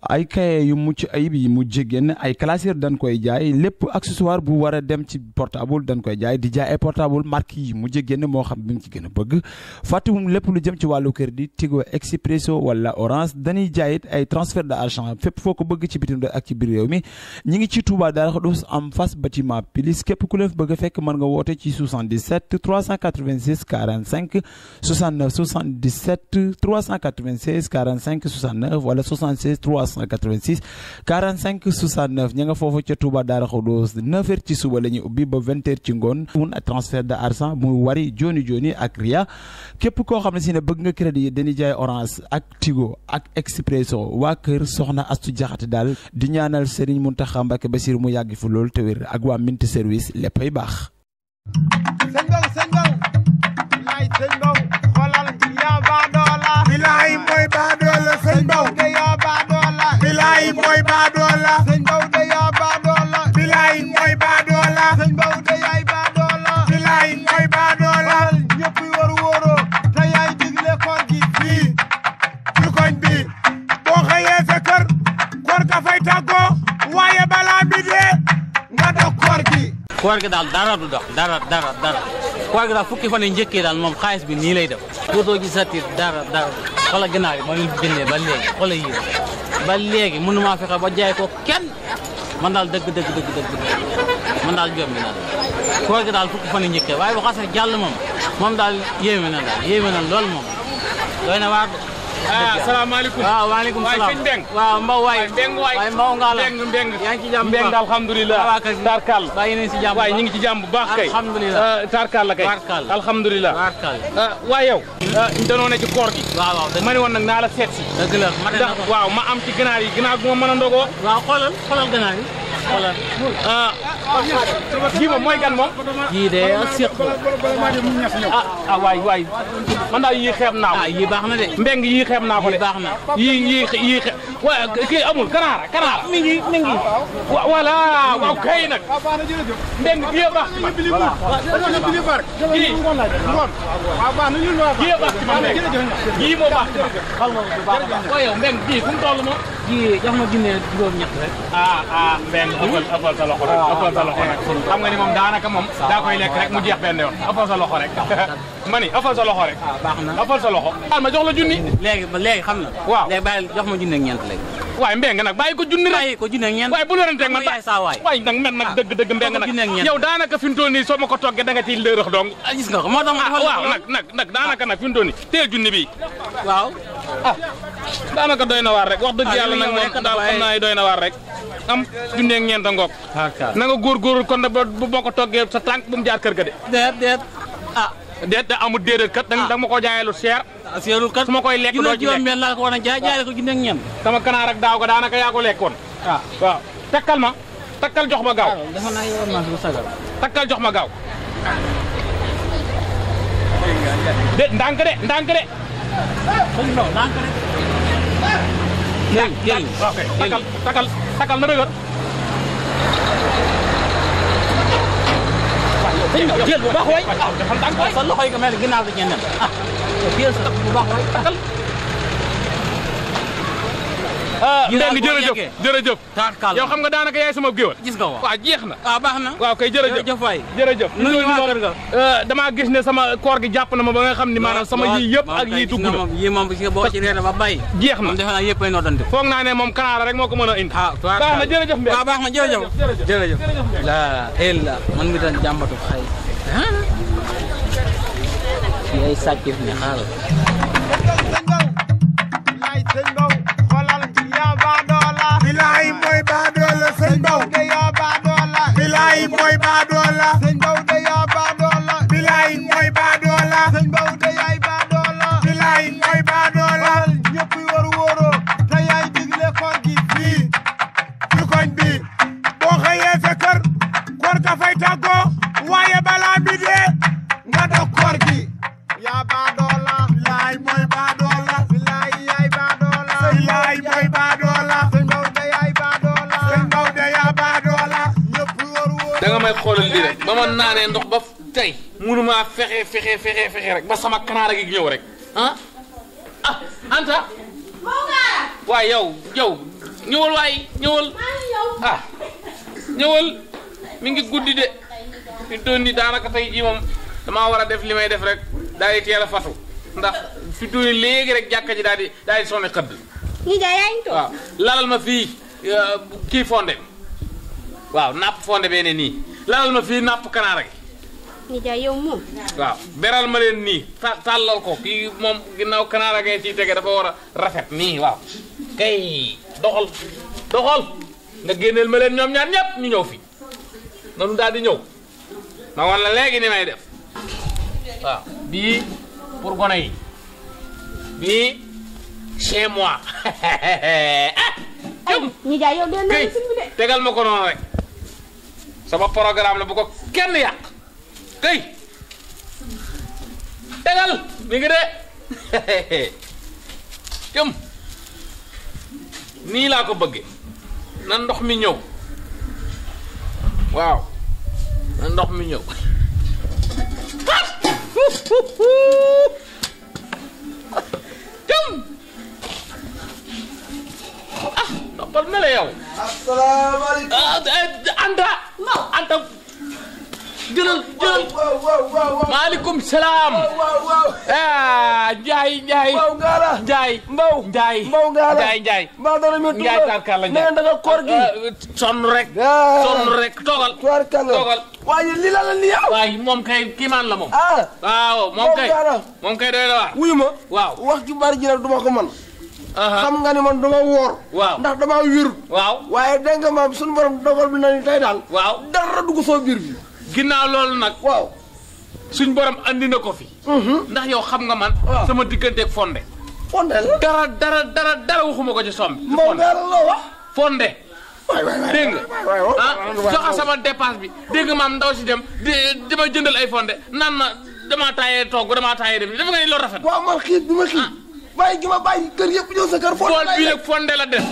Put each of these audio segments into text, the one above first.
ay cahier yu mucc ayib yi mujj génn ay classeur dañ koy jaay lépp accessoire bu war a dem ci portable dañ koy jaay di jaay ay portable marque yi mujj génn moo xam bi mu ci gën a bëgg fàttewum lépp lu jëm ci wàllu crédit Tigo Expresso wala Orange dañuy jaayit ay transfert d'argent fépp foo ko bëgg ci bitim ak ci biir réew mi ñi ngi ci Touba Darou Khoudoss am képp ku leen bëgg fekk mën nga woote ci 77 386 45 69 77 396 45 69 wala 76 3 386 45 69 ña nga foofu ca Touba Daara Khoudous 9h ci suba la ñuy ubbi ba 20h ci ngoon mun transfert de argent muy wari joni joni ak ria képp koo xam ne si ne bëgg nga crédit yi dañuy jaay orange ak tigo ak expresso waa kër soxna astu jaxate daal di ñaanal Serigne Mountakha Mbacké Bassirou mu yàgg fi loolu te wér ak waa minti service léppay baax sëñ Ndao sëñ koor gi daal dara du dox dara dara dara koor gi daal fukki fan yi daal moom xaalis bi nii lay def. dootoo gisati dara dara xoolal ginnaaw yi ma leen bindee ba léegi xoolal yi ba léegi mënu maa ba jaay ko kenn man daal dëgg dëgg dëgg dëgg man daal jom bi daal koor gi daal fukki fan yi waaye bu xasee jàll moom moom daal yéeme na daal yéeme na lool moom doy na waar ah salaamaaleykum ah, waaw waaleykum salaam waay sëñ Mbeng waaw Mbaw waay Mbeng waay waay Mbaw nga la Mbeng Mbeng yaa ngi ci jàmm Mbeng ñu ngi ci jàmm bu baax kay alhamdulilah ah, tarkal la kay alhamdulilah ah, waay yow danoo ci koor gi waaw waaw ma woon nag naa la seet si dëgg la waaw ma am ci ganaar yi ganaar gu ma mën a ndogoo waaw xoolal ah kii moom mooy gan moom. kii de ak seq ah ah man daal yii xeeb naa ko. yii baax na de. mbeng yii xeeb naa ko de. yii baax na yii kii amul kanaara kanaara. mi ngi mi ngi. wa voilà nag. mbeng kii yee baax. voilà kii. kii yee baax ci man mbeng. kii moo baax ci man. xam nga bu baax a baax. waaye yow ëppal sa loxo rek ëppal sa loxo rek ah. xam nga ni daanaka moom daa koy lekk rek mu jeex benn yoon ëppal sa loxo rek ma ni ëppal sa loxo rek ah, ëppal sa loxo daal ma jox la junni léegi léegi xam na waaw léegi bàyyi jox ma junni ak ñeent léegi waaye mbeng nag bàyyi ko junni rek bàyyi ko junni ak ñeent waaye bu lorante ak man waaye nag man nag ah, dëgg dëgg mbeng nag yow daanaka fi mu toll nii soo ma ko toggee da nga ciy lërëx dong gis nga ko nag daanaka nag fi mu toll nii teel junni bi waaw ah daanaka doy na waar rek wax dëgg yàlla nag moom daal xam naa doy na waar rek am junneeg ñeent a ngoog na nga góorgóorlu kon na ba boo ko toggee sa tànk bu mu jaar kër ga de deet deet ah déet da amul kat danga ah. ma ko jaayee lu seer ah, seerul kat su ma koy lekk doo ci lekk laa ko war a jaay jaay ko junneeg ñeent sama kanaar ak daaw ga daanaka yaa ko lekkoon waaw ah. waaw takkal ma takkal jox ma gaaw takkal jox ma gaaw de ndànk de ndànk de. takkal. takkal na dëgër. waaw yow bu baax waay. waaw dafa tànk waay sa loxo yi nga mel ni ginnaaw bi ngeen dem ah. bu baax waay takkal. dégg ah, jërëjëf jërëjëf yow xam nga daanaka yaay sama géwal gis nga waaw jeex na waaw ah, baax na waaw kay jërëjëf waay jërëjëf loolu moom euh, damaa gis ne sama koor gi jàpp na ma ba nga xam ne maanaam sama yii yëpp ak yii dugg na yii moom boo ci reere ba bay jeex na defe naa yëpp ay noddante foog naa ne moom kanaara rek moo ko mën a indi ah, baax na jërëjëf mbé waaw baax na jërëjëf jërëjëf laa illa man mi tan jàmbatu xay ay sàcc fi xaaral doon naanee ndox ba tey munumaa fexe fexe fexe rek ba sama kanaara gi ñëw rek ah ah Anta. waaye yow yow ñëwal waay ñëwal ah ñëwal mi ngi guddi de fi doon ni daanaka tey jii moom damaa war a def li may def rek daal di teel a fatu ndax fi doon léegi rek jàkka ji daal di daal di sonni xëdd. lalal ma fii euh, kii fonde waaw napp fonde bee nii. lalal ma fi napp kanaara gi. nijaay yow moom. waaw beral ma leen nii ta tàllal ko kii moom ginnaaw kanaara ngay ciy tege dafa war rafet nii waaw kay doxal doxal nga génneel ma leen ñoom ñaar ñëpp ñu ñëw fi nanu daal di ñëw ma wan la léegi ni may def waaw bii pour gone yi bii chez moi. ay na yow de tegal ma ko noonu rek. sama programme la bu ko kenn yàq këy tegal mi ngi de jëm nii laa bëgge na ndox mi ñëw waaw na ndox mi ñëw jëm ah noppal na la yow asalaamaaleykum ah, eh, anda Anta jëlal jëlal maaleykum salaam. ah Ndiaye Ndiaye. Mbaw Ngalla Ndiaye. Mbaw Ndiaye. Mbaw Ngalla Ndiaye Ndiaye. Mbaw dara ñu Ndiaye tarkalla ah, ah, ah. moom kay kiimaan la moom. waaw moom kay. doy na waar. wuyu ma. waaw wax ju bari ko mën. xam nga ni man dama woor waaw ndax damaa wérut waaw waaye dégg nga maam suñu borom dogal bi na ni daal waaw dara dugg soo biir bi ginnaaw loolu nag waaw suñ borom andi na ko fi mhm. ndax yow xam nga man ah. sama digganteeg fonde fonde la dara dara ko ci sombi moom dara la fonde waay waay ah, waay sama dépense bi dégg nga maam ndaw si dem di dama jëndal ay fonde naan na damaa taayee toogu damaa taayee dem dafa nga ni loolu rafet waaw man xiit bi ma xiit ah. bàyyi gi ma bàyyi kër yëpp ñëw sa kër. fonde la bool nag fonde la def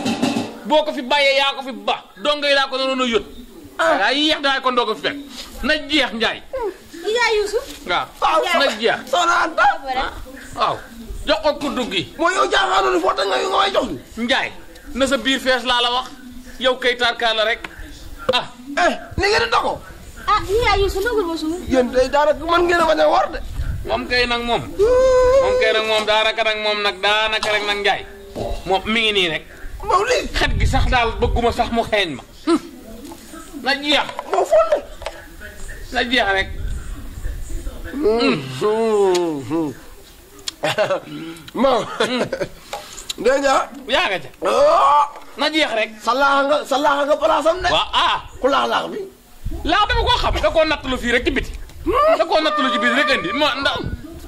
boo ko fi bàyyee yaa ko fi ba dongo yi laa ko doon yót. ah daa yéex daay kon ko fi fekk na jeex njaay. na sa biir fees laa la wax yow kay tarkaa la rek ah. Eh, ni ngeen di dogo. ah yéen a su ma gën ma suuf. yéen tey daanaka mën ngeen a war de. moom kay nag moom moom kay moom daanaka nag moom nag daanaka rek nag njaay moom mi ngi nii rek maw léegi xet gi sax daal bëgguma sax mu xeeñ ma na jeex moo fond na jeex rek maw nga yaa nga ca oh. na jeex rek sa laaxa nga sa laaxa nga palaasam ne waaw ah ku laax laax bi laax dama koo xam da koo nattalu fii rek biti Hmm. da koo nattalu ci biir rek indi ma ndax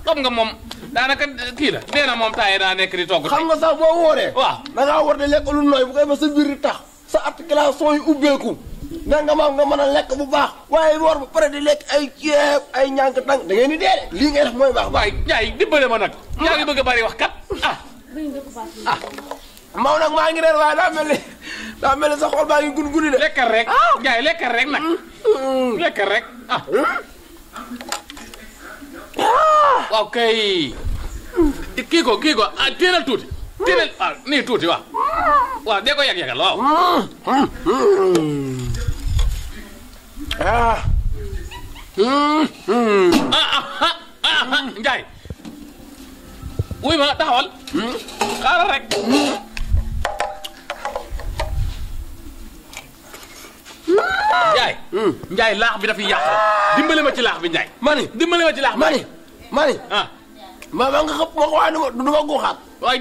xam nga mom daanaka kii la nee na moom temps yii daa nekk di togg. xam nga sax boo wooree. waaw da ngaa war di lekk lu nooy bu koy ba sa biir di tax. sa articulation yu ubbeeku. da nga maam nga mën a lekk bu baax. waaye woor ba pare di lekk ay ceeb ay ñànk tàng da ngeen di dee lii ngay def mooy baax. waaye Ndiaye dimbale ma nag. Hmm. yaa ngi bëgg a bari wax kat ah. ah. Maodo nag maa ngi reer waaye daa mel daa mel ni sa xol baa ngi gun guni de. lekkal rek Ndiaye ah. lekkal rek nag. Hmm. lekkal rek ah. Ah! waaw kay kii ko kii ko ah téeral tuuti téeral ah nii tuuti waaw waaw dee ko yàgg-yàggal waaw ah ah ah, ah, ah Njaay wuy ma taxawal hmm? xaaral rek Hmm. njaay laax bi dafiy yàq dimbale ma ci laax bi Ndiaye. ma dimbale ma ci laax bi ah. ma ma ni. nga waaye du ma du ma guuxaat. waaye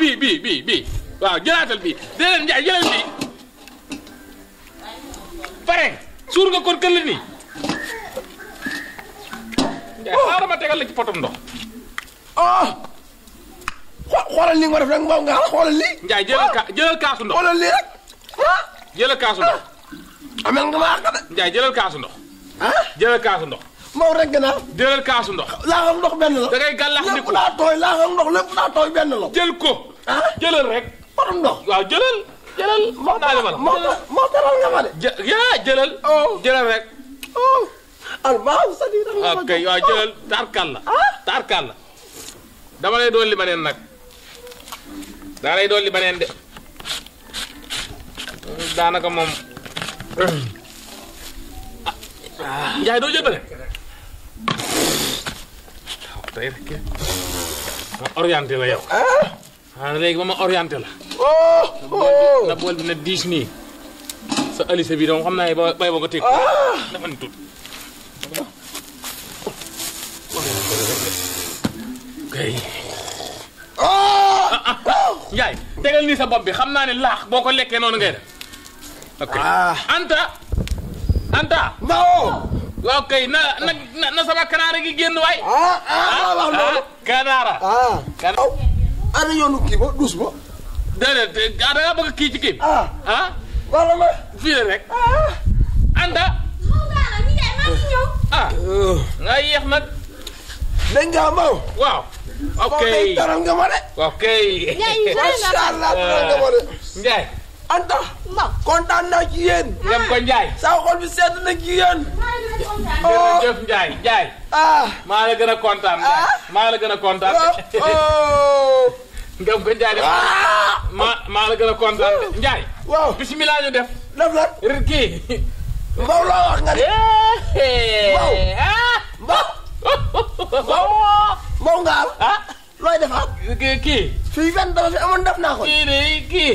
bii bii bii waaw jëlaatal bii déedéet Ndiaye jëlal bii pare suur nga kon kër la nii. Ndiaye oh. xaaral ma tegal la ci potum ndox. ah. xoolal li nga ma rek nga xoolal lii. Ndiaye jëlal ka jëlal kaasu ndox rek. jëlal kaasu ndox. Ah. amel nga ma àq de. Ndiaye jëlal kaasu ndox. ah jëlal kaasu ndox. moo kaasu ndox. laa ndox benn la. da ngay gàllankoor lépp laa tooy ndox lépp laa tooy benn la. jël ko. ah jëlal rek. borom ndox waaw jëlal. jëlal moo tax moo nga ma de. jë jëlal. Oh. jëlal rek. Oh. albaaw sadi da nga ma ok waaw jëlal oh. ah? tarkal la. dama lay doon li ma neen nag. daanaka moom. Njaay doo jëndale. waaw rek ma orienté yow. ah léegi ma ma na bool bi na diis nii. sa alice bi donc xam naa ne ba bay ba ko teg. dafa ni tut. Njaay tegal nii sa bopp bi xam naa ne laax boo ko lekkee noonu ngay def. ok ah. Anta. Anta. Mbao. waaw kay na na na sama kanaara gi génn waay. ah ah, ah, ah wax loolu. kanaara. ah kanaara. ana yoonu kii ba duus ba. déedéet ah da ngaa bëgg kii ci kii. ah ah. wala ma. fii la rek. Anta. ah. Uh. nga yéex nag. dégg nga Mbao. waaw. ok moom day taral nga ma de. ok. Ndiaye Ndiaye. macha allah taral nga ma de. Ndiaye. Anta. kontaan naa ci yéen. dem ko Ndiaye. saa xol bi sedd na ci yéen. jërëjëf Ndiaye Ndiaye. ah maa la gën a kontaan. Ah. maa la gën a kontaan. ngam oh, oh. ko Ndiaye ah. ma maa la gën a kontaan Mbaw loo wax nga de. Mbaw. Ah. Mbaw. Mbaw. Mbaw nga am. ah looy fii fenn dama fi amoon def naa ko. kii de kii.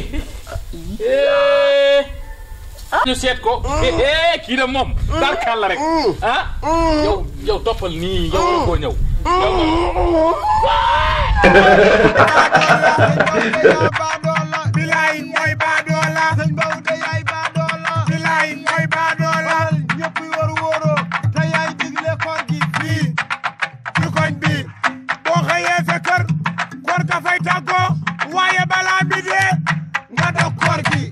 ñu seet ko. Mm. kii de moom. barkaal mm. la rek. Mm. ah. yow yow toppal nii yow la koo ñëw. bilaay mooy baadoola. sëñ Ba Wute yaay baadoola. bilaay mooy baadoola. ñëpp parti